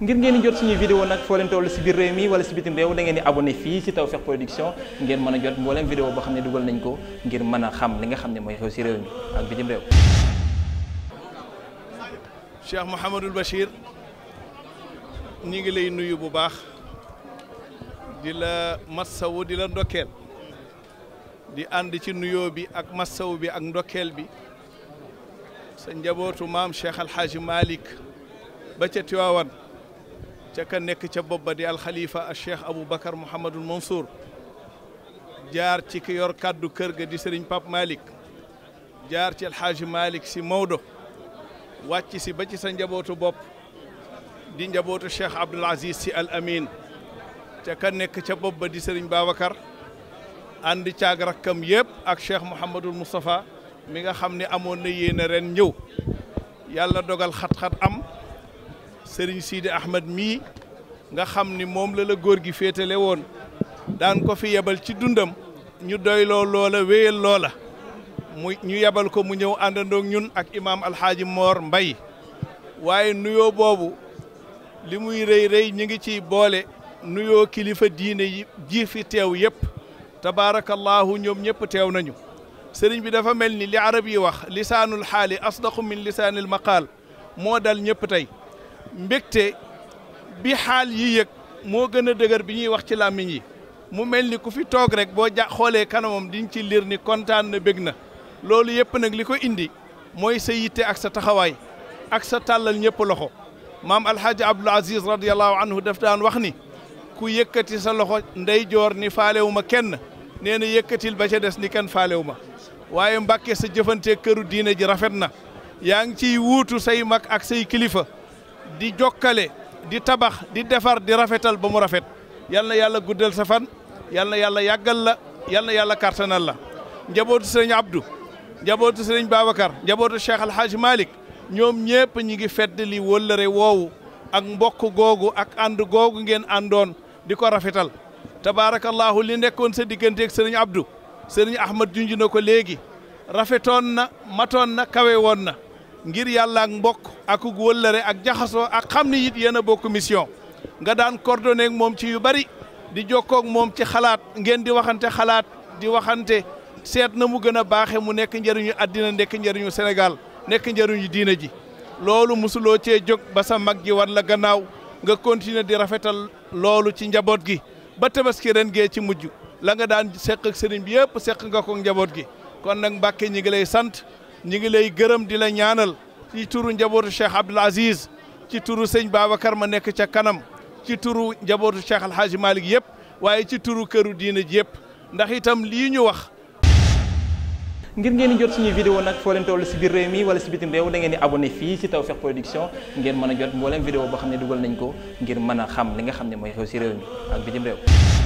ngir ngeen di jot suñuy vidéo nag foo leen si biir réew mi wala si bitim réew da ngeen di abonné fii si Tawfekh Production ngeen mën a jot mbooleem vidéo boo xam ne dugal nañ ko ngir mën a xam li nga xam ne mooy xew si réew mi ak bitim réew Cheikh Mouhamadul Bachir ñi ngi lay nuyu bu baax di la massawu di la ndokkeel di ànd ci nuyoo bi ak massaw bi ak ndokkeel bi sa njabootu maam Cheikh Alhaaji Malick ba ca Tiwaawan ca ka nekk ca bopp ba di alxalifa al cheikh Aboubacar Mouhamadul Mansour jaar ci ki yor kàddu kër ga di sëriñ Pape malik jaar ci alxaaji Malick si Maodo wàcc si ba ci sa njabootu bopp di njabootu cheikh Abdoul si al amin ca ka nekk ca bopp ba di sëriñ Babacar ànd caag rakkam yëpp ak cheikh Mouhamadul Moustapha mi nga xam ni amoon na yéen a ren ñëw yàlla dogal xat-xat am. sëriñ Sidi Ahmed mii nga xam ni moom la la góor gi féetale woon daan ko fi yebal ci dundam ñu doyloo loola wéyal loola mu ñu yebal ko mu ñëw àndandoog ñun ak imaam alxaaji Moor Mbay waaye nuyoo boobu li muy rëy rëy ñu ngi ciy boole nuyoo kilifa diine yi ji fi teew yëpp tabaarakallaahu ñoom ñëpp teew nañu sëriñ bi dafa mel ni li arab yi wax lisaanul xaali asdaqu min lisaanil maqaal moo dal ñëpp tey mbégte bi xaal yi yëg moo gën a dëgër bi ñuy wax ci làmmiñ yi mu mel ni ku fi toog rek boo ja xoolee kanamam diñ ci liir ni kontaan na bég na loolu yëpp nag li ko indi mooy sa yitte ak sa taxawaay ak sa tàllal ñëpp loxo maam alxaaji abdul aziz radiallahu anhu daf daan wax ni ku yëkkati sa loxo ndeyjoor ni faalewu ma kenn nee na yëkkatil ba ca des ni kenn faalewu ma waaye mbakke sa jëfante këru diine ji rafet na yaa ngi ciy wuutu say mag ak say kilifa di jokkale di tabax di defar di rafetal ba mu rafet yalla na yàlla guddal sa fan yal na yàlla yàggal la yal na yàlla kartanal la njabootu sëriñ Abdou njabootu sëriñ Babacar njabootu Cheikh Al Hadj Malick ñoom ñépp ñi ngi fedd li wëllëre woowu ak mbokk googu ak ànd googu ngeen àndoon di ko rafetal tabaarakallaahu li nekkoon sa digganteeg sëriñ Abdou sëriñ Ahmad junj na ko léegi rafetoon na matoon na kawe woon na ngir yàlla ak mbokk akug wëllëre ak jaxasoo ak xam ni it yéen a bokk mission nga daan coordonné moom ci yu bari di jokkoog moom ci xalaat ngeen di waxante xalaat di waxante seet na mu gën a baaxe mu nekk njëriñu àddina nekk njëriñu Sénégal nekk njëriñu diina ji loolu musuloo cee jóg ba sa mag ji war la gannaaw nga continuer di rafetal loolu ci njaboot gi ba tabaski ren gee ci mujj la nga daan seq ak sëriñ bi yëpp seq nga ko njaboot gi kon nag Mbàkke sant ñu ngi lay gërëm di la ñaanal ci turu njabootu Cheikh Abdoul Aziz ci turu sëñ Babacar ma nekk ca kanam ci turu njabootu Cheikh Al Hadj Malick yëpp waaye ci turu këru diine ji yëpp ndax itam lii ñu wax. ngir ngeen di jot suñuy vidéo nag foo leen toll si biir réew mi wala si bitim réew da ngeen di abonné fii si taw Tawfekh Production ngeen mën jot mbooleem vidéo boo xam ne dugal nañ ko ngir mën xam li nga xam ne mooy xew si réew mi ak bitim réew.